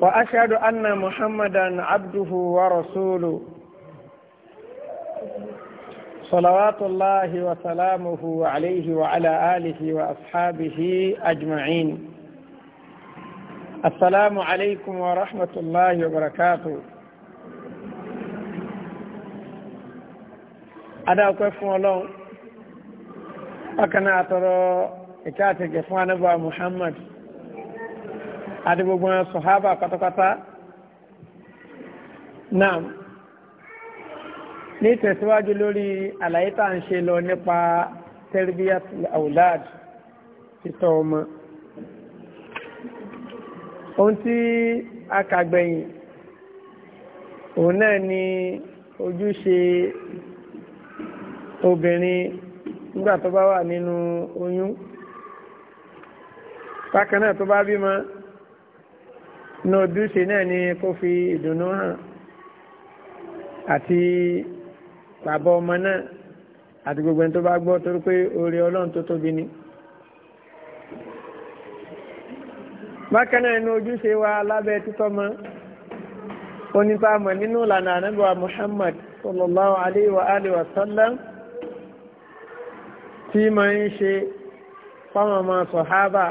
وأشهد أن محمدا عبده ورسوله صلوات الله وسلامه عليه وعلى آله وأصحابه أجمعين السلام عليكم ورحمة الله وبركاته أنا أقف ولو أكنا أترى إكاتك فانا محمد àti gbogbo wọn sọ̀hábà pátápátá náà ní tẹ̀síwájú lórí àlàyé tá à ń ṣe lọ nípa tẹ́rìbíyàt àwùláàd títọ́ ọmọ ohun tí a kà òun náà ni ojúṣe obìnrin nígbà tó bá wà nínú oyún bákan náà tó bá bímọ ní ojúṣe náà ni kó fi ìdùnnú hàn àti bàbá ọmọ náà àti gbogbo ẹni tó bá gbọ́ torí pé oore ọlọ́run tó tóbi ni. bákan náà ní ojúṣe wa lábẹ́ títọ́ mọ́ onípàmọ̀ nínú ìlànà ànábìwá Muhammad sallallahu alayhi wa alihi wa sallam tí ma ń ṣe fáwọn ọmọ sọ̀hábà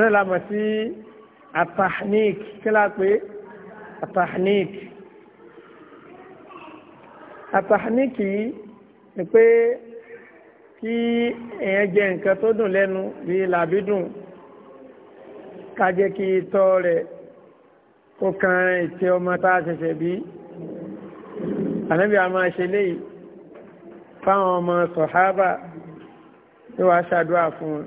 rẹ̀ lámọ̀ sí atahnik kí la pé atahnik atahnik yìí ni pé kí èèyàn jẹ nǹkan tó dùn lẹ́nu bíi làbídùn ká jẹ́ kí itọ́ rẹ̀ kó kan ètè ọmọ tá ṣẹ̀ṣẹ̀ bí ànábì a máa ṣe léyìí fáwọn ọmọ sọ̀hábà tí wàá ṣàdúrà fún wọn.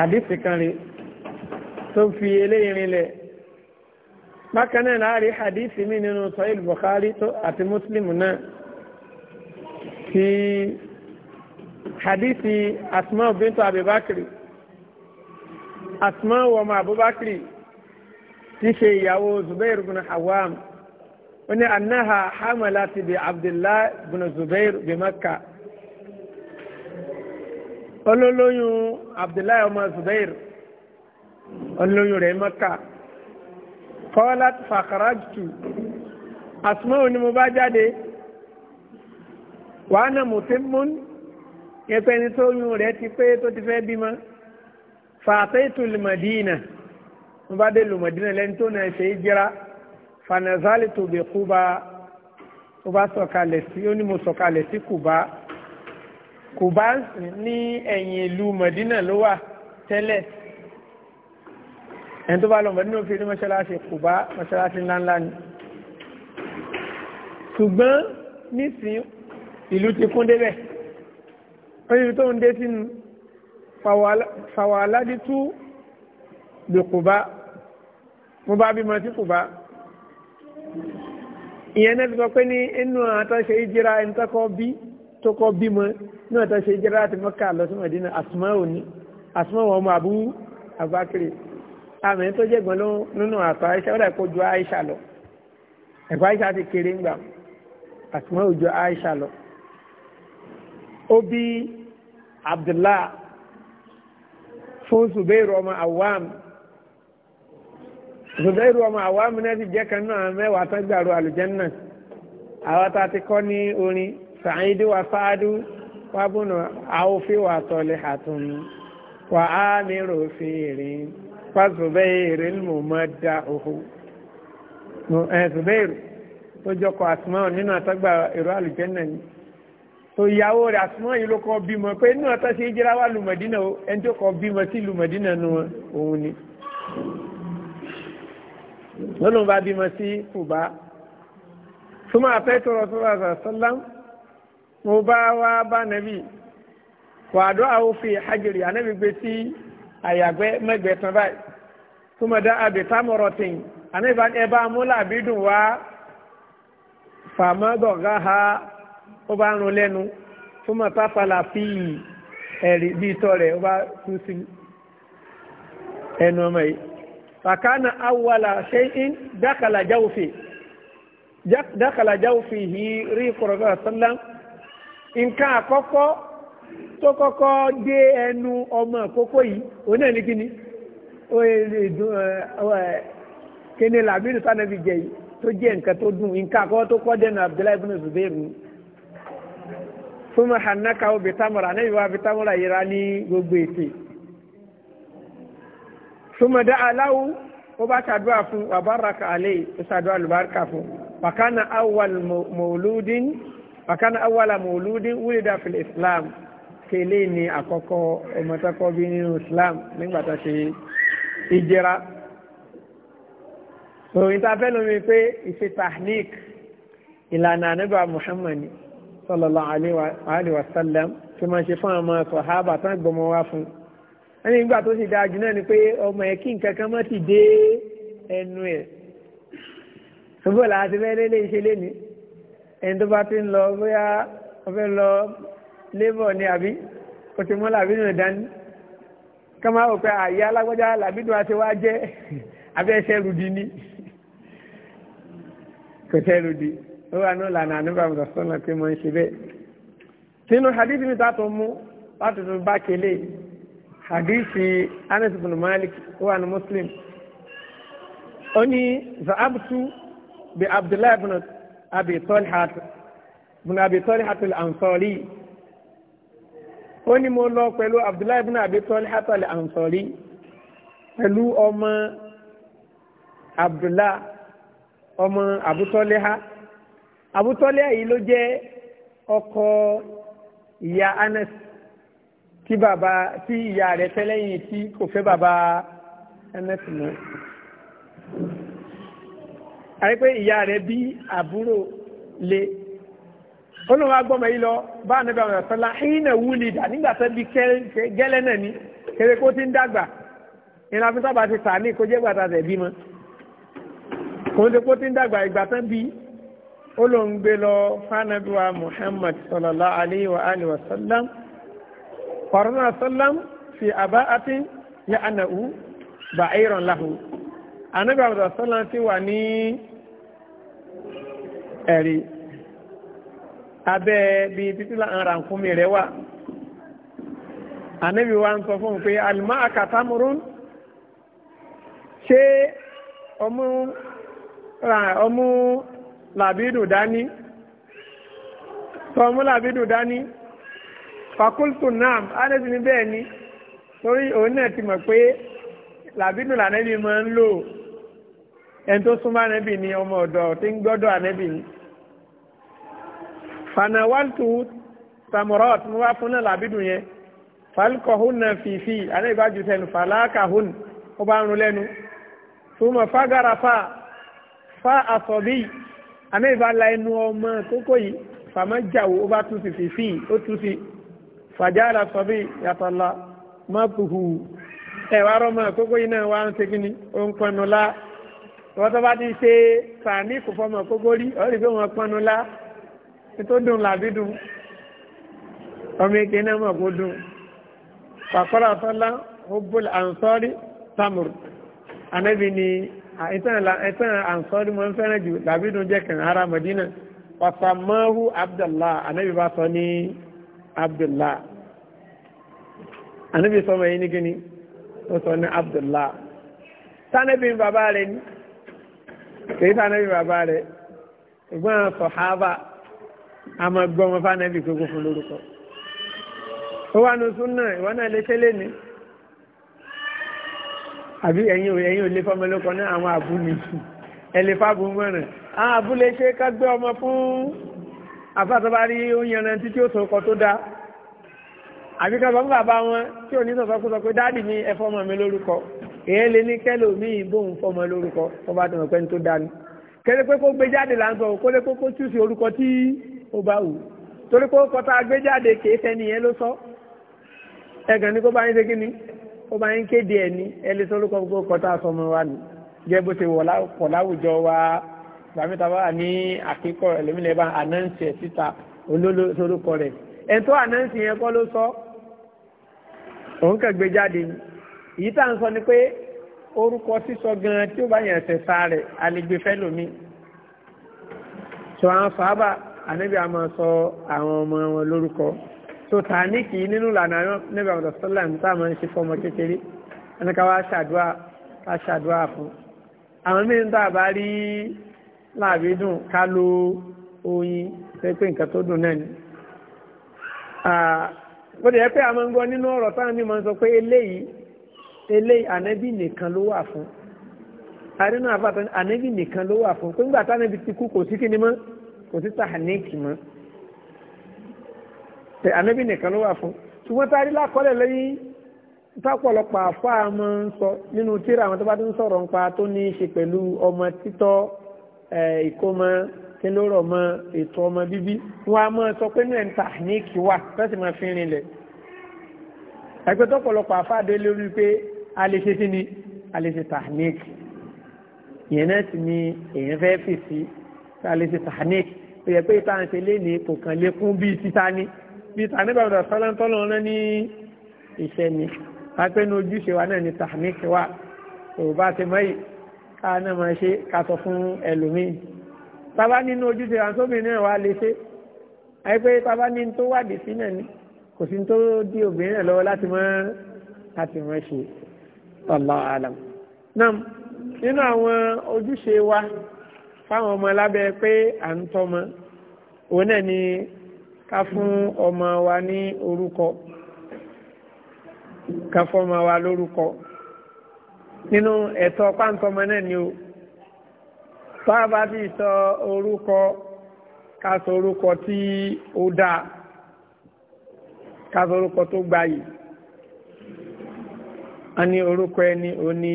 àdísì kan rè tó fi eléyìí rinlẹ̀ bákan náà láàrin àdísì mi nínú sahih bukhari àti muslim náà ti àdísì asma bintu abibakiri asma wọmọ abubakiri ti ṣe ìyàwó zubair bin hawam wani annaha hamalati bi abdullah bin zubair bi makka olólóyún abdullahi ọmọ zubair olólóyún rẹ̀ maka kọ́lát fàkàràjù asmọ́ ni mo bá jáde wàá nà mùtẹ́mún ẹgbẹ́ ni tó yún rẹ̀ ti pé tó ti fẹ́ bímọ fàtẹ́tù lùmọ̀dínà mo bá dé lùmọ̀dínà lẹ́ni tó náà ṣe é jẹ́ra fanazali tó bẹ̀ kúba mo bá sọ̀kalẹ̀ sí ó ní mo sọ̀kalẹ̀ sí kùbá. Kùbá ní ẹ̀yìn ìlú Mọ̀dínà ló wà tẹ́lẹ̀ ẹni tó bá lọ Mọ̀dínà fi ní mọ́ṣáláṣí Kùbá mọ́ṣáláṣí ńláńlá ni ṣùgbọ́n nísìn ìlú ti kún débẹ̀ oyin tó ń dé sínú fàwàládìtú lè Kùbá mo bá bímọ sí Kùbá ìyẹn náà ti sọ pé ní inú àtàṣe ìjíra ẹni tó bí tó kọ́ bímọ náà tó ṣe jẹ́rẹ́ láti mọ́kà lọ sí mọ̀dínà àsùmọ́ òní àsùmọ́ wọn ọmọ àbú àbákiri àmì tó jẹ́ gbọ́n nínú àtọ̀ àìṣà ó dàpọ̀ ju àìṣà lọ ẹ̀kọ́ àìṣà ti kéré ńgbà àsùmọ́ òjò àìṣà lọ. ó bí abdullah fún zubairu ọmọ awam zubairu ọmọ awam náà ti jẹ́ kan náà mẹ́wàá tán gbàrú àlùjànnà àwọn tá a ti kọ́ ní orin sàáyídé wa fáádùn wábùnà àwòfí wà tọ́lé àtún wà á nírò fi ìrìn fásùbẹ́ ìrìn mò mọ́ da òhù ẹ̀sùbẹ́rù tó jọkọ̀ àsùnmọ́ nínú àtọ́gbà èrò àlùjẹ́nà ni tó ìyàwó rẹ̀ àsùnmọ́ yìí ló kọ́ bímọ pé inú ọ̀tọ́ sí ìjẹ́ra wà lùmọ̀dínà ẹni tó kọ́ bímọ sí lùmọ̀dínà nu òun ni lọ́nà bá bímọ sí kùbá súnmọ́ àfẹ́ tó rọ̀ sọ́lá sọ́lá Mubawa ba wá bá nàbì wàdó àwòfin hajiri ànábì gbé sí àyàgbẹ́ mẹ́gbẹ́ tán báyìí tó mọ̀ dá àbí támọ̀rọ̀ tìǹ ànábì bá ẹ bá múlà bí dùn wá fàmọ́gọ̀gá ha ó bá ń rún lẹ́nu tó mọ̀ táfàlà fi ẹ̀rí bí itọ́ rẹ̀ ó bá tú sí ẹnu ọmọ yìí fàkánà awwala shay'in dákàlà jáwòfin dákàlà jáwòfin yìí rí kọ̀rọ̀kọ̀ sallam nǹkan àkọ́kọ́ tó kọ́kọ́ dé ẹnu ọmọ àkókò yìí òun náà ní kíni kíni làbínú sanabi jẹ yìí tó jẹ́ nǹkan tó dùn nǹkan àkọ́kọ́ tó kọ́ dẹ́nu Abdullahi ibn Zubair ni súnmọ́ hànákà ó bìtámọ́ra náà ìwà bìtámọ́ra yìí rà ní gbogbo ètè súnmọ́ dá aláwo ó bá ṣàdúrà fún wàbárakà àlè ó ṣàdúrà lùbáríkà fún wàkánà awwal mọ̀lúdín fakana awala mòlúdín wúlídà fìlì islam kele ni àkọ́kọ́ ọmọtakọ bí nínú islam nígbà tá a ṣe ìjẹra òyìn tá a fẹ́ lómi pé ìṣe tahnik ìlànà ànábà muhammad sallallahu alayhi wa sallam tí máa ṣe fún àwọn sọ̀hábà tán gbọmọ wá fún ẹni nígbà tó sì dáa jù náà ni pé ọmọ ẹ̀ kí nǹkan kan má ti dé ẹnu ẹ̀ ṣùgbọ́n làá ti ìṣe lénìí ẹni tó bá ti ń lọ bóyá ọfẹ́ lọ lébọ̀ ni àbí kò ti mú làbí nù dání ká máa wò pé àyè alágbọ́já làbí dùn àti wá jẹ́ àbí ẹsẹ̀ rudi ní kò tẹ́ rudi ó wà ní ìlànà àníbà mùsàlùmí pé mo ń ṣe bẹ́ẹ̀. sínú hadith mi tààtò mú láti tún bá kele hadith anas bin malik ó wà ní muslim ó ní zaabtu bi abdullahi bin abi Talha ibn abi Talha al-Ansari ó ní mo lọ pẹ̀lú Abdullahi ibn abi Talha al-Ansari pẹ̀lú ọmọ Abdullahi ọmọ Abu Talha Abu Talha yìí ló jẹ́ ọkọ ìyá Anas tí bàbá tí ìyá rẹ̀ tẹ́lẹ̀yìn tí kò fẹ́ bàbá Anas náà àyè pé ìyá rẹ̀ bí àbúrò le olùwà gbọ́mọ yìí lọ bá ànábì àwọn àfẹlá ìyínà wúlidà nígbà tó bí gẹ́lẹ́ náà ní kéré kó ti ń dàgbà ìrìnà fi sábà ti sàánì kó jẹ́ gbàtà tẹ̀ bímọ kò ń ṣe kó ti ń dàgbà ìgbà tán bí olóńgbé lọ fánàbíwá Muhammad sallallahu alayhi wa alihi wa sallam kọ̀rọ̀nà sallam fi àbá àti ya'anahu bàáyìrán lahu ànábì àwọn sallam ti wà ní ẹ̀rí abẹ́ bí títí láàrin kúmi rẹ̀ wà ànábì wa ń sọ fún un pé alìmọ́ àkàtàmùrún ṣé ọmú ọmú làbídù dání tọmú làbídù dání fakultu naam ánẹ́sì ní bẹ́ẹ̀ ni torí òun náà ti mọ̀ pé làbídù lànẹ́bì máa ń lò ẹni tó súnmọ́ ànẹ́bì ni ọmọ ọ̀dọ̀ tí ń gbọ́dọ̀ ànẹ́bì ni fanawaltu tamurat mo wá fún náà làbídùn yẹn falikọhun náà fìfì àná ìbájú sẹnu falakahun ó bá ń rún lẹ́nu túmọ̀ fagara fa fa àsọ̀bí àná ìbála ẹnu ọmọ kókó yìí fàmájàwó ó bá tún sí fìfì ó tún sí fàjára sọ̀bí yàtọ̀ la má puhu ẹ̀wà rọ́mọ kókó yìí náà wá ń ṣe kíni ó ń pọnù la wọ́n tó bá ti ṣe sàní kò fọmọ kókó rí ọ̀rẹ́ bí wọ́n pọnù tó dùn làbí dùn ọmọ èké náà mọ̀ kó dùn pàkọ́rọ̀ àtọ́lá hubbul ansọ́rí samur anábì ni ẹ̀tàn ansọ́rí mọ́ ń fẹ́ràn jù làbí dùn jẹ́ kàn ara Madina wasamahu Abdullah anábì bá sọ ní Abdullah anábì sọmọ yìí ní kíni ó sọ ní Abdullah tánàbí bàbá rẹ̀ ni kìí tánàbí bàbá rẹ̀ ìgbọ́n sọ̀hábà a máa gbọ́ wọn fánàbì gbogbo fún lórúkọ ó wà ní súnà ìwọ náà lè tẹ́lẹ̀ ní àbí ẹ̀yin ẹ̀yin ò lè fọmọ lóko ní àwọn àbú mi ẹ lè fábù mọ̀ràn àwọn àbú lè ṣe ká gbé ọmọ fún afátọ́bárí oúnjẹ náà títí ó sọ̀kọ tó dáa àbí kan fún bàbá wọn tí ò ní sọ̀sọ́kúsọ pé dáàdì mi ẹ fọmọ mi lórúkọ èyí lè ní kẹlòmíì bóun fọmọ lórúkọ tó bá tọmọ pẹ́ni tó dáa ni kẹlẹ́ kó gbé jáde là kó lè kó kó túùsì orúkọ tí ó bá wù torí pé ó kọta agbéjáde kìí sẹ́ni yẹn ló sọ ẹ̀gàn ní kó bá yín ṣe kí ni ó bá yín kéde ẹ̀ ní ẹlẹ́ sọ́lọ́kọ́ gbogbo kọta sọmọ wa ni jẹ́ bó ṣe wọ̀ láwùjọ wa gbàmítà wa ní àkíkọ̀ ẹlẹ́mìlẹ́ bá ànáǹsì ẹ̀ síta olólùsọ́lọ́kọ rẹ̀ ẹ̀ tó ànáǹsì yẹn kọ́ ló sọ òun kẹgbẹ́ jáde ni èyí tá à ń sọ ni pé orúkọ sísọ gan tí ó bá yàn ṣẹ̀ṣà rẹ̀ àlegbèfẹ́ lómi sọ àwọn fàábà ànábì a máa sọ àwọn ọmọ wọn lórúkọ tó tàníkì nínú ìlànà níbi àwọn ọ̀sọ́là ń sáà máa ń ṣe fọmọ kékeré ẹnìkan wá ṣàdúrà ká ṣàdúrà fún àwọn míín tó àbá rí láàbí dùn ká lo oyin pé pé nǹkan tó dùn náà ni bó ti yẹ pé àwọn ń gbọ́ nínú ọ̀rọ̀ táwọn mímọ́ sọ pé eléyìí eléyìí ànẹ́bí nìkan ló wà fún àrínú àfàtàn ànẹ́bí nìkan ló wà fún pé ńgbà tánẹ́bí ti kú kò sí kí ni mọ́ kò sí tàníkì mọ́ pé ànábì nìkan ló wà fún ṣùgbọ́n tá a rí lákọ́lẹ̀ lẹ́yìn tápọ̀lọpọ̀ àfáà mọ́ ń sọ nínú tíra àwọn tó bá ti ń sọ̀rọ̀ nípa tó ní í ṣe pẹ̀lú ọmọ títọ́ ìkómọ kí ló rọ̀ mọ́ ètò ọmọ bíbí wọn a mọ́ sọ pé ní ẹ̀ńtà wà fẹ́sì máa fi rinlẹ̀ ẹgbẹ́ tọ́pọ̀lọpọ̀ àfáà dé lórí pé a lè ṣe sí ni a lè ṣe tàníkì ìyẹn náà sì ni èèyàn fẹ́ fèsì a lè ṣe tàníkì ó yẹ pé ìta ń ṣe lé ní ipò kan lékún bíi títa ní bíi tàníbàbà sọ́lántọ́lọ́ rán ní iṣẹ́ ni pápẹ́ ní ojúṣe wa náà ní tàníkì wa òrùbá ti mọ́ yìí ká náà máa ṣe ká sọ fún ẹlòmíì bàbá nínú ojúṣe wa sóbìnrin náà wá lè ṣe àyè pé bàbá ní tó wádìí sí náà ni kò sí tó di obìnrin náà lọ́wọ́ láti mọ́ láti mọ́ ṣe Allahu alam náà nínú àwọn ojúṣe wa fáwọn ọmọ lábẹ́ pé à ń tọ́mọ òun náà ni ká fún ọmọ wa ní orúkọ ká fọmọ wa lórúkọ nínú ẹ̀tọ́ páńtọ́mọ náà ni o tá a bá ti sọ orúkọ ká sọ orúkọ tí ó dáa ká sọ orúkọ tó gbayì a ní orúkọ ẹni òní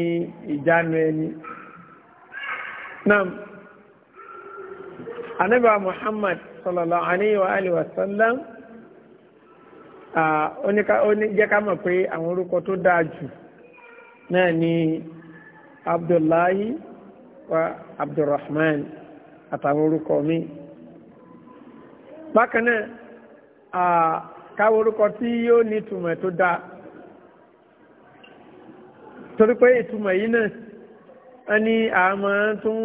ìjánu ẹni náà anábà muhammad sallallahu alayhi wa alihi wa sallam jẹ́ ká mọ̀ pé àwọn orúkọ tó dáa jù náà ni abdullahi wa abdulrahman àtàwọn orúkọ mi bákan náà káwọn orúkọ tí yóò ní ìtumọ̀ tó dáa torí pé ìtumọ̀ yìí náà ẹni àmọ́ tún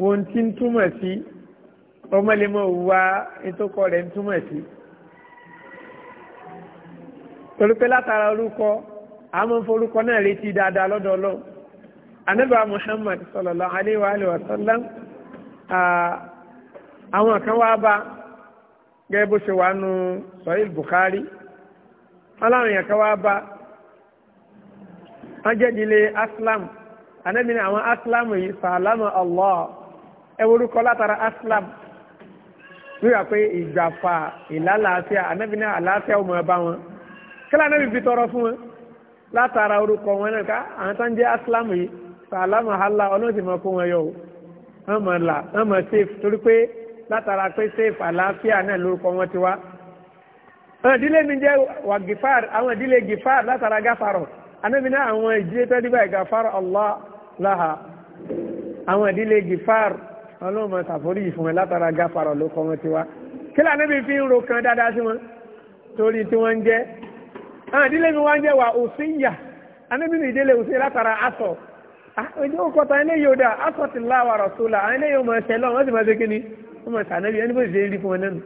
wọn ti ń túmọ̀ sí ọmọ lè mọ wá ìtòkọ rẹ̀ ń túmọ̀ sí torí pé látara orúkọ àmọ́ forúkọ náà retí dáadáa lọ́dọ̀ ọlọ́run anábà Muhammad sallallahu alaihi wa àwọn kan wá bá gẹ́gẹ́ bó ṣe wà nù Sahih Bukhari aláwọn èèyàn kan wá bá wọ́n jẹ́ ìdílé Aslam anábìnrin àwọn Aslam yìí sàlámù Allah ẹwọ́rúkọ látara aslam wíwà pé ìgbàfà ìlàlàáfíà anábì ní àlàáfíà ọmọ ẹ̀bá wọn kílá anábì fi tọrọ fún wọn látara orúkọ wọn náà ká àwọn tó ń jẹ́ aslam yìí sàlámù hàlá ọlọ́run sì máa kó wọn yọ o wọ́n là wọ́n safe torí pé látara pé safe àlàáfíà náà lórúkọ wọn ti wá. àwọn ìdílé mi jẹ́ wà gifar àwọn ìdílé gifar látara gáfarọ̀ anábì ní àwọn ìdílé tó dìbà ìgáfarọ̀ Allah láha àwọn ìdílé gifar ọlọ́run máa ṣàforí yìí fún wọn látara gáfàrọ̀ ló kọ́ wọn ti wá kí lànà bí fi ń ro kan dáadáa sí wọn torí tí wọ́n ń jẹ́ àwọn ìdílé mi wá ń jẹ́ wà òsínyà anábìnrin ìdílé òsínyà látara asọ̀ ah, ojú òkọta eléyìí ò dáa asọ̀ ti láwà rọ̀ tó la àwọn eléyìí ò máa ṣẹlẹ̀ wọ́n sì máa ṣe kíni wọ́n máa ṣànẹ́bí ẹni bó ṣe rí fún wọn lẹ́nu.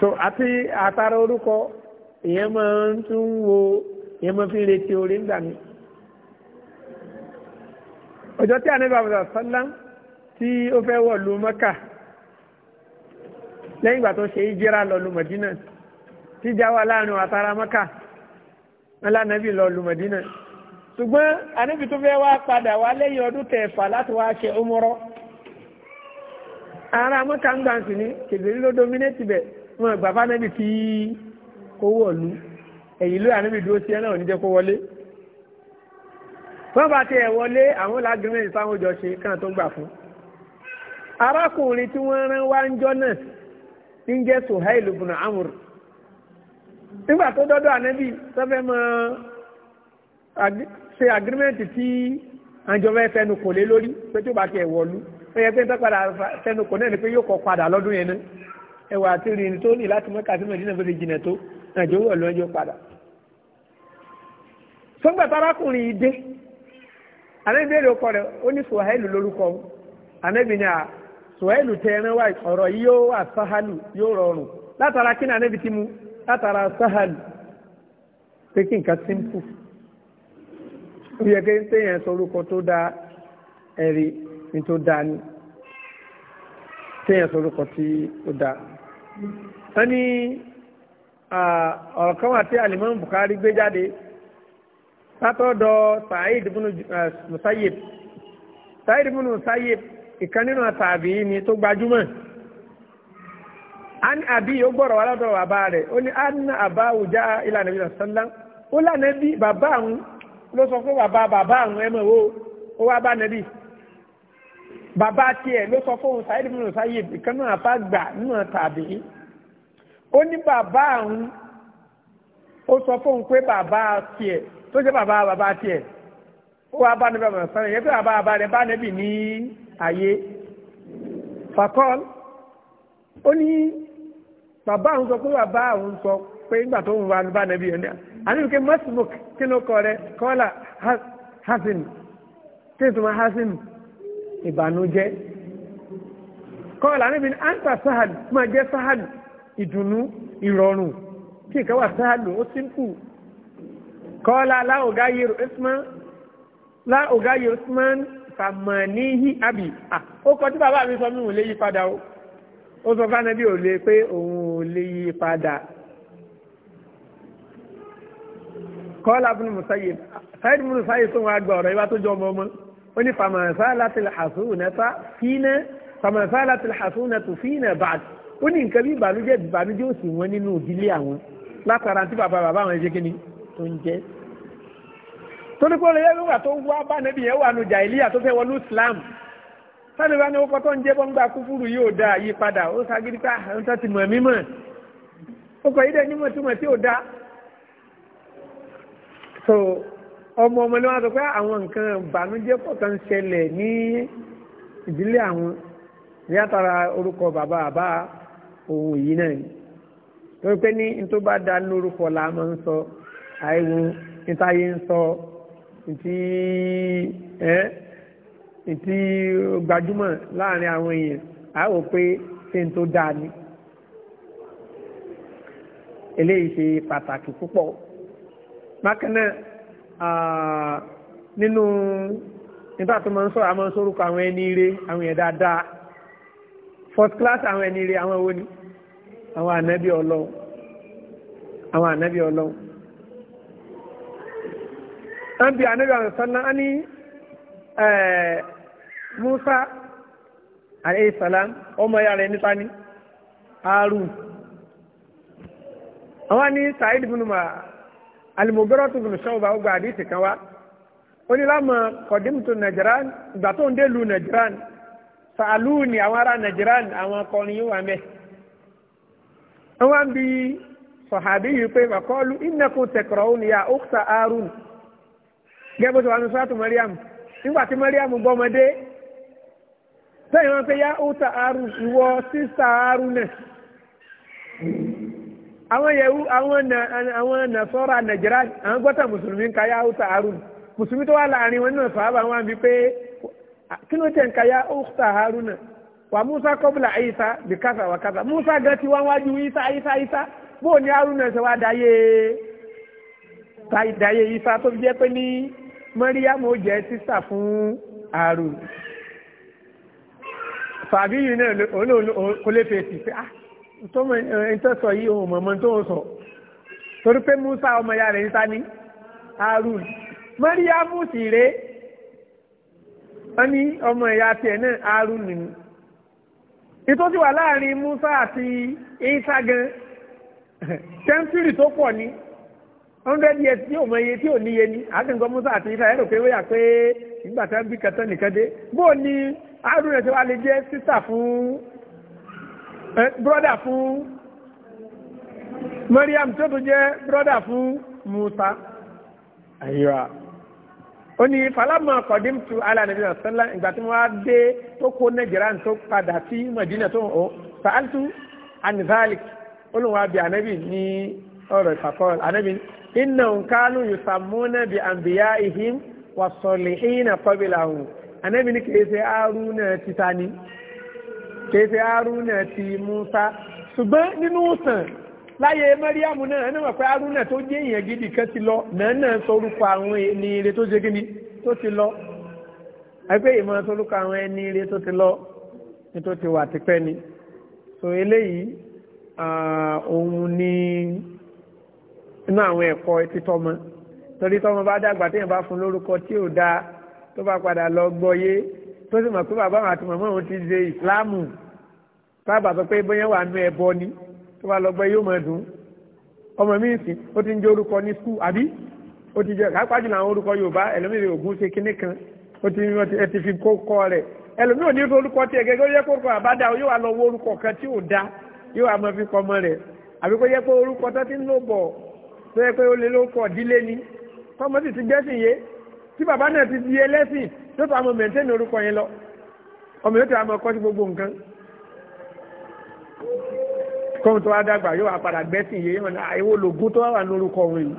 so àti àtàrà orúkọ ìyẹn máa ń tún wo ìyẹn máa fi retí orí ń gbà mí ọjọ́ tí ànábì àbúrò sálám tí ó fẹ́ wọ̀ lu mọ́kà lẹ́yìn ìgbà tó ṣe ìjẹ́ra lọ lu mọ̀dínà tí ìjà wà láàrin àtàrà mọ́kà ńlànàbì lọ lu mọ̀dínà ṣùgbọ́n ànábì tó fẹ́ wá padà wá lẹ́yìn ọdún kẹfà láti wá ṣe ọmọrọ́ ara mọ́kà ń gbàǹsì ní kèbèrè ló dominate bẹ̀ wọn gbàfà ànábì kó wọ̀ lu èyí ló ànábì dúró sí ẹ náà ò kó wọlé wọ́n bá ti ẹ̀ wọlé àwọn lágbẹ́mẹ̀rin fáwọn òjò ṣe kàn tó gbà fún arákùnrin tí wọ́n rán wá ń jọ náà ní jẹ́ Suhail ibn Amr nígbà tó dọ́dọ̀ ànábì sọ́fẹ́ mọ́ ṣe agirimẹ́ǹtì tí àjọba ẹ fẹnu kò lé lórí pé tí ó bá ti ẹ̀ wọ̀lú yẹ pé ń tọ́padà fẹnu kò náà ni pé yóò kọ́ padà lọ́dún yẹn náà ẹwà àti rìn tó ní láti mọ́ka sí mẹ́rin náà fi jìnà tó àjọ wọ̀lú padà. sọ́gbà tárákùnrin yìí dé àmẹ́bí béèrè ọkọ rẹ̀ ó ní sùhẹ́lù lórúkọ àmẹ́bí ni à sùhẹ́lù tẹ ọ̀rọ̀ yìí yóò wà sáhálù yóò rọrùn látara kí ni àmẹ́bí ti mú látara sáhálù pé kí nǹkan simple ó yẹ kí tó ẹ̀rí ní tó tí ó wọ́n ní ọ̀rọ̀ kan wà tí alimami látọ̀dọ̀ Sa'id ibn eh, Musayyib Sa'id ibn Musayyib ìkan nínú àtàbí ni tó gbajúmọ̀ an àbí ó gbọ́rọ̀ wá látọ̀dọ̀ bàbá rẹ̀ ó ní anna àbáwò já ila nabi sallam ó lànà bí bàbá àwọn ló sọ fún bàbá bàbá àwọn ẹmọ wo ó wá bá nàbí bàbá tiẹ̀ ló sọ fún Sa'id ibn Musayyib ìkan nínú àfàgbà nínú àtàbí ó ní bàbá àwọn ó sọ fún pé bàbá tiẹ̀ tó jẹ́ bàbá bàbá tiẹ̀ ó wá bá níbẹ̀ mọ̀ sọ́nà yẹ pé bàbá bàbá rẹ̀ bá níbi ní ayé fakọ́l ó ní bàbá àwọn sọ pé bàbá àwọn sọ pé nígbà tó ń wá bá níbi yẹn ní àníbi pé masmuk kí ló kọ rẹ kọ́là hasin kí ló tún hasin ìbànújẹ́ kọ́là níbi ní anta sahad máa jẹ́ sahad ìdùnnú ìrọ̀rùn kí nǹkan wà sahad ó sínkù kọ́lá láògáyèrò isman láògáyèrò Usman, fàmàníhì àbí ah, ó kọ tí bàbá mi sọ mí ò lè yí padà o ó sọ fún anábì ò lè pé òun ò lè yí padà kọ́lá fún musayé sáyid múlù sáyé tó wọn àgbà ọ̀rọ̀ ìwà tó jọ ọmọ ọmọ ó ní fàmàṣá láti làásù nẹ́ta fínà fàmàṣá láti làásù nẹ́tù fínà bàd ó ní nǹkan bí ìbànújẹ́ ìbànújẹ́ òsì wọn nínú ìdílé àwọn látara tí bàbá bàbá àwọn ẹ̀ṣẹ́ kínní tó ń jẹ́ torí pé olóyè wíwà tó wá bá nẹ́bí yẹn wà nù jàìlíyà tó fẹ́ wọnú Islam sábẹ́ bá ní ó kọ́tọ́ ń jẹ́ bọ́ǹgbà kúfúrú yóò da yí padà ó sagídí ká ń tọ́ ti mọ̀ mí mọ̀ ó kọ̀ yídẹ̀ nímọ̀ tí mọ̀ tí ò da so ọmọ ọmọ ni wọ́n sọ pé àwọn nǹkan ìbànújẹ́ pọ̀ tó ń ṣẹlẹ̀ ní ìdílé àwọn ní àtàrà orúkọ bàbá àbá òun yìí náà ni torí pé ní ní tó bá da lórúkọ làá máa ń sọ àìwò níta yìí ń sọ ntí ẹ ntí gbajúmọ̀ láàrin àwọn èèyàn á wò pé ṣé n tó dáa ni eléyìí ṣe pàtàkì púpọ̀ bákan náà nínú nígbà tó máa ń sọ̀rọ̀ àmọ́ sórúkọ àwọn ẹni ire àwọn èèyàn dáadáa first class àwọn ẹni ire àwọn wo ni àwọn ànábì ọlọ́run àwọn ànábì ọlọ́run an bi annabi a sannan ani eh, musa alayhi salam ọmọ ya rẹ̀ nípa ni aru àwọn ni sa'id bin ma al-mughira bin shu'ba ó gba àdìsí kan wá ó ní lámà qadimtu najran ìgbà tó ń dé lu najran sàálù ni àwọn ará najran àwọn akọrin yóò wà mẹ́ àwọn bí sọ̀hábí yìí pé wàkọ́lù innakum takra'un ya ukhta arun gẹ́gẹ́ bó ṣe wà ní sọ́tù Mariam nígbà tí Mariam gbọ́ ọmọdé wọn pé yá uta aru ìwọ sísà aru nẹ̀ àwọn yẹ̀wù àwọn nàṣọ́ra nàìjíríà àwọn gbọ́tà mùsùlùmí ń ka yá uta aru mùsùlùmí tó wà láàrin wọn náà sọ́ọ́bà wọn bí pé kí ló tẹ̀ ń ka yá uta aru nẹ̀ wà Musa kọ́bùlà ayíṣá bí kásà wà kásà Musa gan ti wá wájú isa isa isa bóò ní aru nẹ̀ ṣe dáyé dáyé isa tó fi jẹ́ pé ní. Mariam ó jẹ́ sísà fún Harun fàbíyù náà kò lè pé ah tó sọ yìí ohun mọ̀mọ́ tó ń sọ torí pé Musa ọmọ ya rẹ̀ ń sá ní Harun Mariam sì rèé wọ́n ní ọmọ ìyá tiẹ̀ náà Harun nìyí ìtọ́jú wà láàrin Musa àti Isa gan tó pọ̀ ni hundred years tí ò mọ iye tí ò níye ni àdínkàn musa àti ifá ẹ̀rọ pé wíyà pé ìgbà tá bí kẹtọ́ nìkan dé bó ni haruna ṣe wá lè jẹ́ sísà fún broda fún mariam tó tún jẹ́ broda fún musa ayiwa ó ní falamu kọ̀dím tu alànàbí ọ̀sánlá ìgbà tí wọ́n á dé tó kó nàìjíríà tó padà sí madina tó ọ̀ sàáltù anizalik olùwàbí anabi ní ọ̀rọ̀ ìfàkọ́ anabi innahum kanu yusammuna bi anbiya'ihim wa salihina qablahum anabi ni kìí ṣe arúnà ti tani kìí ṣe arúnà ti musa ṣùgbọ́n nínú sàn láyé mẹ́ríàmù náà ẹni wọ̀n pé arúnà tó jẹ́ èèyàn gidi kan ti lọ nàánà sorúkọ àwọn ẹni ire tó ṣe gidi tó ti lọ ẹgbẹ́ ìmọ̀ sorúkọ àwọn ẹni ire tó ti lọ ní tó ti wà tipẹ́ ni so eléyìí òun ni inú àwọn ẹ̀kọ́ títọ́mọ torí tọ́mọ bá dàgbà téèyàn bá fún lórúkọ tí ò dáa tó bá padà lọ gbọ́ yé tó sì mọ̀ pé bàbá àwọn àti màmá òun ti ṣe ìsìláàmù sábà sọ pé bóyá wà nú ẹbọ ni tó bá lọ gbọ́ yóò mọ̀ dùn ọmọ mi sì ó ti ń jẹ́ orúkọ ní skul àbí ó ti jẹ́ kápá jùlọ àwọn orúkọ Yorùbá ẹlòmíràn ògún ṣe kinní kan ó ti ẹ ti fi kókọ rẹ̀ ẹlòmíràn ní orúkọ tiẹ̀ gẹ́gẹ́ ó yẹ kókọ àbádá yóò wá lọ wọ orúkọ kan tí ò dá yóò wá mọ fi kọ́ ọmọ rẹ̀ àbí kó yẹ pé orúkọ tó ti ń lò bọ̀ tó yẹ pé ó lè ló kọ̀ dílé ni tọmọ sì ti gbẹ́sìn yé tí bàbá náà ti di ẹlẹ́sìn tó tó àmọ́ mẹ̀ntẹ́nì orúkọ yẹn lọ ọmọ yóò tó àmọ́ kọ́ sí gbogbo nǹkan kọ́mù tó wá dàgbà yóò wá padà gbẹ́sìn yé wọn náà ìwọ lògùn tó wà lórúkọ wọn yìí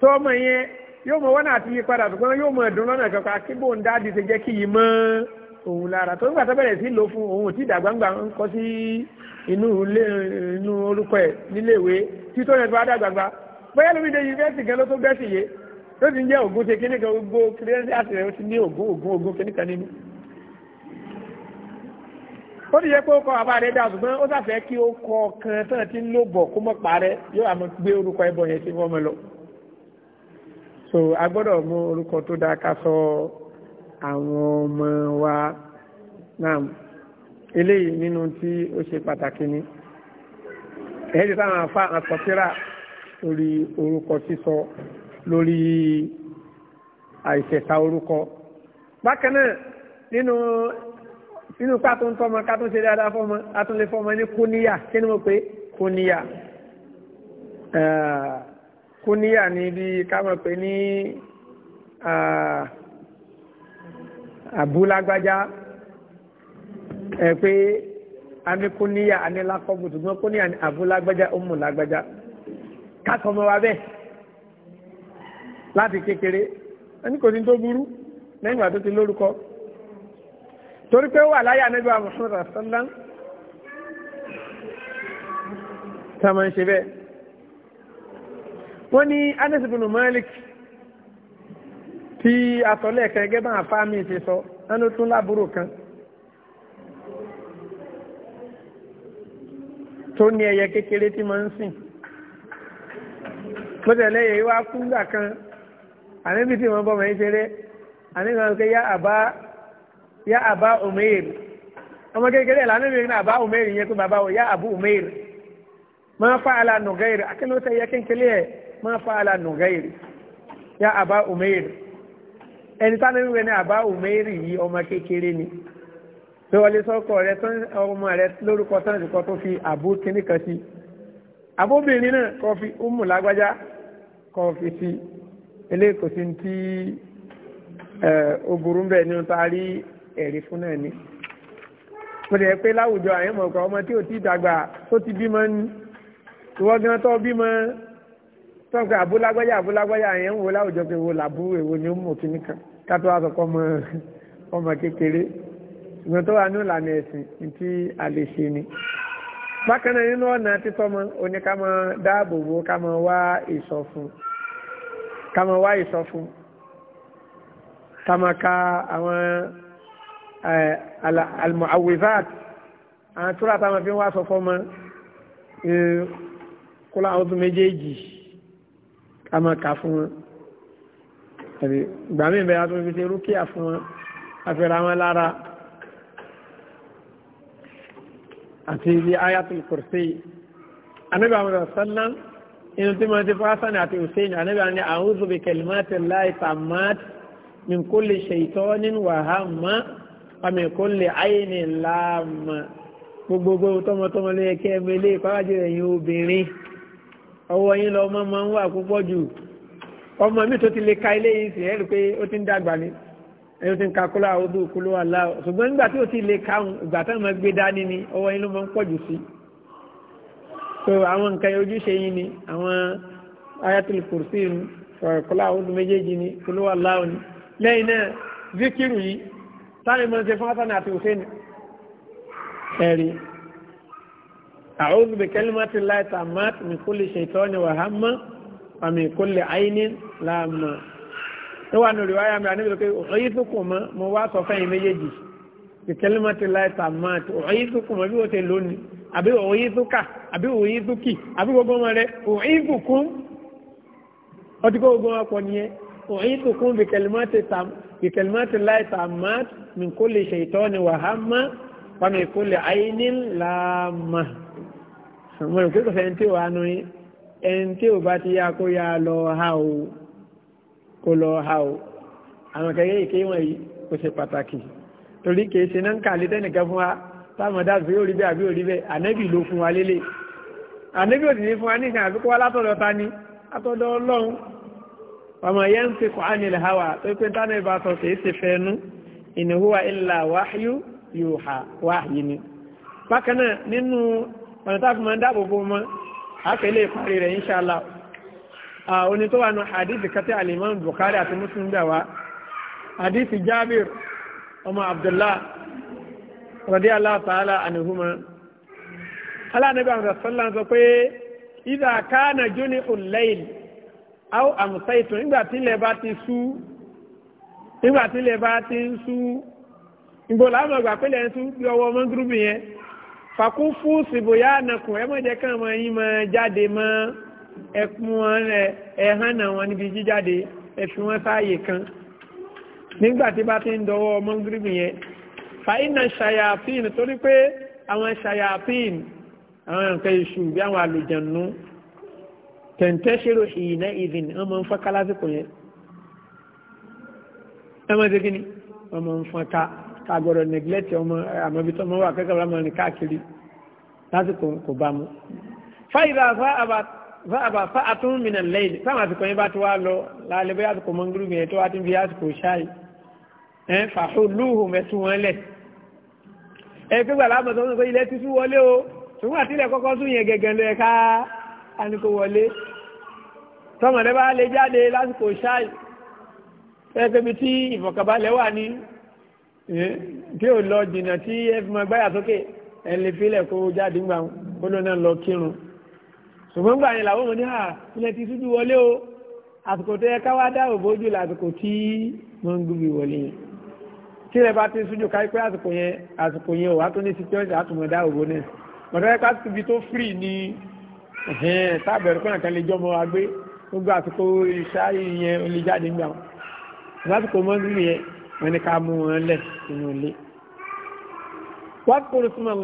tó ọmọ yẹn yóò mọ wọn àti yí tó yóò mọ ẹ̀dùn lọ́nà kankan akíbò ah, ń dáàdì ti jẹ́ kí yìí mọ́ òun lára tó ń tó bẹ̀rẹ̀ sí lò fún òun tí ìdàgbàǹgbà ń kọ́ sí inú orúkọ ẹ̀ níléèwé títọ́ yẹn tó wá dàgbàǹgbà bóyá lómi de yunifásitì gan ló tó gbẹ́sì yé tó ti ń jẹ́ ògùn ṣe gbogbo rẹ̀ ó ti ní ògùn ògùn ògùn nínú. ó ti yẹ kọ àbá dáa ṣùgbọ́n ó sàfẹ́ kí ó kọ kan tán ti ń lò bọ̀ kó so a gbọ́dọ̀ mú orúkọ tó dáa ká sọ àwọn ọmọ wa náà eléyìí nínú tí ó ṣe pàtàkì ni ẹ̀ẹ́dì táwọn lórí orúkọ sísọ lórí àìṣẹ̀ta orúkọ bákan náà nínú nínú pàtó ń tọmọ ká tó ṣe dáadáa fọmọ àtúnlé fọmọ ní kúníyà kí ni mo pè kúníyà kúníyà ní bí ká mọ̀ pé ní àbúlágbájá ẹ pé a ní kúníyà a ní lákọ́bù ṣùgbọ́n kúníyà ní àbúlágbájá ó mú lágbájá kásọmọ wa bẹ́ẹ̀ láti kékeré ẹni kò ní tó burú lẹ́yìn ìgbà tó ti lórúkọ torí pé ó wà láyé anábì wa Muhammad sallam tá a máa ń ṣe bẹ́ẹ̀ wọ́n ní Anas Malik tí atọ́lẹ̀ kan bá àfáàmì ti sọ ẹnu tún lábúrò kan tó ní ẹyẹ kékeré tí máa ń sìn tó tẹ̀lé yẹ wá fúngbà kan àníbi tí wọ́n bọ́ mọ̀ ẹ́ ṣeré àníkan pé yá àbá yá àbá òmèèrè ọmọ kékeré lànà mi ní àbá òmèèrè yẹn tó bàbá wò yá àbú òmèèrè máa fa àlà nùgáyèrè akínú tẹ yẹ kékeré ẹ máa fa àlà nùgáyèrè yá àbá òmèèrè ẹni tá nínú ẹni àbá òmèèrè yìí ọmọ kékeré ni tó wọlé sọkọ rẹ tó ọmọ rẹ lórúkọ tó ń sìkọ tó fi àbú kíní kan sí àbóbìnrin náà kọ fi ó mú lágbájá kọ́ fi sí eléyìí kò sí ti ogoro ń bẹ nínú tá a rí ẹ̀rí fún náà ni mo lè pé láwùjọ àyẹ̀mọ̀ kan ọmọ tí ò tí dàgbà tó ti bímọ ní ìwọ gan tó bímọ tọ́ka abúlágbáyà abúlágbáyà yẹn ń wo láwùjọ pé wo làbú èwo ni ó mú òkìní kan kátó wá sọ̀kọ́ ọmọ ọmọ kékeré ṣùgbọ́n tó wà ní ẹ̀sìn tí a lè ṣe ni bákan náà nínú ọ̀nà títọ́mọ oní ká máa dáàbò bò ká máa wá ìsọfún ká máa wá ìsọfún ká máa ka àwọn almuawizat àwọn tóra táwọn fi ń wá sọ fọ́mọ kúlá ọdún méjèèjì ká máa kà fún wọn ìgbà míì bẹ́ẹ̀ a fún wọn a wọn lára. àti ibi ayatul kursi anábì àwọn ọ̀sánlá inú tí mo ti fásánì àti hussein anábì àwọn a'udhu bi kalimati llahi tammati min kulli shaytanin wa hamma wa min kulli aynin lamma gbogbogbò tọmọtọmọ ló yẹ kí ẹ mẹlẹ ìpáwájú ẹ̀yin obìnrin ọwọ́ yín lọ ọmọ máa ń wà púpọ̀ jù ọmọ mi tó ti lè ka ilé yìí sí ẹ pé ó ti ń dàgbà ni ẹni tí ń ka kóló àwòdù kóló àlá ṣùgbọ́n nígbà tí ó ti lè káwọn ìgbà tó máa gbé dání ni ọwọ́ yín ló máa ń pọ̀ sí so àwọn nǹkan ojúṣe yín ni àwọn ayatul kursi ni kóló àwòdù méjèèjì ni kóló àlá ni lẹ́yìn náà zikiru yìí sáré mọ́ ṣe fún hasan àti hussein ẹ̀rí a'udhu bi kalimati llahi tammati min kulli shaytani wa hamma wa min kulli aynin lamma tó wà lórí wáyà mi àníbi lókè òṣèyí tó kù mọ́ mo wá sọ fẹ́yìn méjèèjì ìkẹ́lẹ́ mọ́ ti láì tà máa tó òṣèyí tó kù mọ́ bí wọ́n ti lónìí àbí òṣèyí tó kà àbí òṣèyí tó kì àbí gbogbo ọmọ rẹ òṣèyí tó kún ọtí kó gbogbo ọkọ nìyẹn òṣèyí tó kún ìkẹ́lẹ́ mọ́ ti min kulli shaytani wa hamma wa min kulli aynin lamma àwọn ìpínlẹ̀ ẹni tí ò bá ti yá kó yá lọ ha o kó lọ ha o àwọn kẹ̀kẹ́ ìké wọ̀nyí kò ṣe pàtàkì torí kìí ṣe náà ń kàlẹ́ tẹ́nìkan fún wa táwọn dáàbò yóò rí bẹ́ẹ̀ àbí òrí bẹ́ẹ̀ ànẹ́bì ló fún wa lélẹ̀ ànẹ́bì òdì ní fún wa nìkan àbíkó wa látọ̀dọ̀ ta ni látọ̀dọ̀ ọlọ́run ọmọ yẹn ń fi kọ́ánì lè hawa tó pé tánà ìbá sọ kìí ṣe fẹ́ nu in huwa illa wahyu yuha wáhì ni bákan náà nínú ọ̀nà táàbù máa ń dáàbò bò mọ́ àkẹ́lẹ́ ìparí rẹ̀ inṣàlá oní ah, tó wà nù hadithi kátẹ́ alimami Bukhari àti Muslim gbà wá hadithi Jabir ọmọ Abdullah radiyallahu ta'ala anihuma alánàbí àwọn rasulillah sọ pé ìdá kánà jóni ulail aw amsaytu nígbà tí ilẹ̀ bá ti sú nígbà tí ilẹ̀ bá ti ń sú ìgbòlá àwọn ọgbà pẹ́lẹ̀ ń sú bí ọwọ́ ọmọ gúrúbì yẹn fàkún fún síbòyá ànàkùn ẹ mọ̀jẹ̀ mọ́ yín mọ́ jáde mọ́ ẹkún wọn rẹ ẹhánà wọn níbi jíjáde ẹfi wọn sáàyè kan nígbàtí bá ti ń dọwọ́ ọmọ gírígì yẹn fàínà ṣàyàfíìn torí pé àwọn ṣàyàfíìn àwọn nǹkan iṣu bí àwọn àlùjànnú tẹ̀ǹtẹ́ṣẹ́rò ìyìnà ìdìn wọn máa ń fọ́n lásìkò yẹn ẹ máa ṣe kí ni wọn máa ń fọ́n ká ká gbọ́dọ̀ neglect ọmọ àmọ́bí tó máa kẹ́kọ̀ọ́ lámọ́ ní káàkiri lásìkò kò bá mu fáìlà fáà àbàtà fáàbà fáàtún mìíràn lẹ́yìn fáwọn àsìkò yẹn bá ti wá lọ lálẹ́ bóyá àsìkò mọ́ngírù yẹn tó wá ti ń fi àsìkò ṣáì ẹ̀ fàṣọ lóhùn mẹ́tún wọn lẹ̀ ẹ pé gbàlá àmọ̀ sọ́nà pé ilẹ̀ ti sún wọlé o ṣùgbọ́n àtìlẹ̀ kọ́kọ́ sún yẹn gẹ́gẹ́ lọ ẹ̀ka àníkó wọlé tọmọdé bá lè jáde lásìkò ṣáì ẹ pé bí tí ìfọ̀kànbalẹ̀ wà ní tí ò lọ jìnnà tí ẹ fi mọ gbáyà sókè ẹ lè filẹ̀ kó jáde ńgbà kó lóun náà lọ kírun ṣùgbọ́n gbà yẹn làwọn ọmọ ní à ilẹ̀ ti ṣújú wọlé o àsìkò tó yẹ ká wá dáàbò bójú làsìkò tí wọ́n ń gbúbi wọlé yẹn tí ilẹ̀ bá ti ṣújú ká pé àsìkò yẹn àsìkò yẹn ò wá tó ní security àtúmọ̀ dáàbò bó náà ọ̀dọ́ yẹ ká síbi tó free ni tábẹ̀rù pé nǹkan lè jọmọ wa gbé gbogbo àsìkò ìṣá yẹn ò lè jáde gbà wọn lásìkò mọ́gìrì ni ká mú wọn lẹ̀ sínú ilé wọ́n kúrò súnmọ́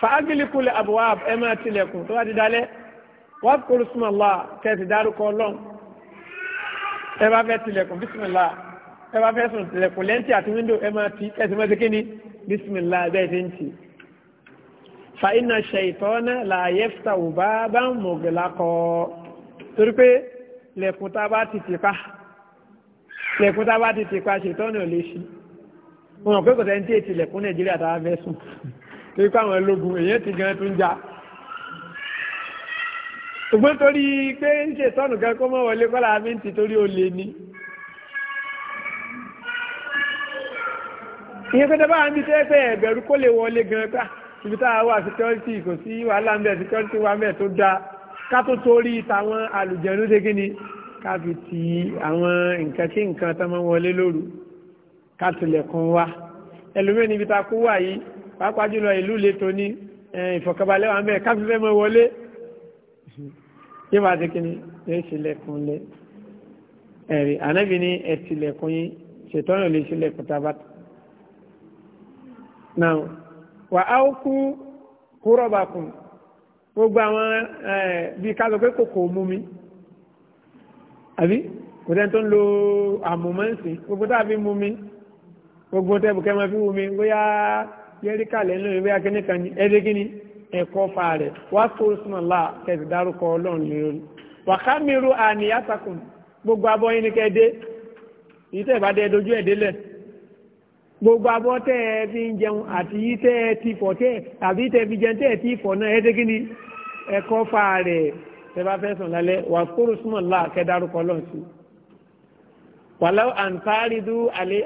fàágìlìkulẹ̀ àbúwá ẹ máa tilẹ̀kùn tó bá ti dalẹ̀ wọ́n kúrú súnmọ́lá kẹ́sì dárúkọ ọlọ́run ẹ bá fẹ́ tilẹ̀kùn bísímìlá ẹ bá fẹ́ sùn tilẹ̀kùn lẹ́ńtì àti wíńdò ẹ máa ti kẹ́sì mọ́ sí kíni bísímìlá bẹ́ẹ̀ ti ń tì. fa iná ṣe ìtọ́nà láàyè fúta ò bá bá ń mọ̀gìlá kọ́ torí pé lẹ̀kùn tá a bá ti tì pa lẹ̀kùn tá a bá ti torí pé àwọn ológun èyàn ti gan tún já ṣùgbọ́n torí pé ń ṣe sọ́nù kan kó mọ́ wọlé kọ́lá mi ti torí ó lè ní. ìyẹn pé dábàá ń bí tẹ́ pé ẹ̀bẹ̀rù kó lè wọlé gan ká ah, ibi tá a wà security kò sí wàhálà ń bẹ̀ security wà mẹ́ tó dáa ká tó torí tàwọn àlùjẹ̀nu ṣe kíni ká fi ti àwọn nǹkan kí nǹkan tó máa wọlé lóru ká tilẹ̀kùn wa ẹlòmíràn níbi tá a kó wà yìí pàápàá jùlọ ìlú lẹ́tọ̀ ní ìfọ̀kànbalẹ̀ wà ń bẹ̀ káfífẹ́ mọ́ wọlé yóò máa ti kíni yóò ṣílẹ̀kùn lé ẹ̀rí ànábì ní ẹ̀tìlẹ̀kùn yín ṣètọ́nà lè ṣílẹ̀kùn tá a bá tó. náà wà á kú kúrọ̀bàkùn gbogbo àwọn bí ká sọ pé kòkò mú mi àbí kò tẹ́ tó ń lo àmùmọ́ǹsì gbogbo tá a fi mú mi gbogbo tẹ́ bùkẹ́ máa fi wú mi bóyá yẹ́rí kalẹ̀ lórí bí akíní kan ní ẹ̀rí kíní ẹ̀kọ́ fa rẹ̀ wá sọ́ọ́sùmọ̀ là kẹ̀sì dárúkọ ọlọ́run lórí. àníyàtàkùn gbogbo abọ́ yín ni kẹ́ dé yìí tẹ́ bá dé dojú ẹ̀ délẹ̀ gbogbo abọ́ tẹ́ ẹ fi ń jẹun àti yìí tẹ́ ẹ ti fọ̀ tẹ́ àbí tẹ́ fi jẹun tẹ́ ẹ ti fọ̀ náà ẹ̀rí kíní ẹ̀kọ́ fa rẹ̀ tẹ́ bá fẹ́ sùn lálẹ́ wà sọ́ọ́sùmọ̀ là kẹ́ dárúkọ ọlọ́run sí. wàlá àǹtárìdú àlẹ́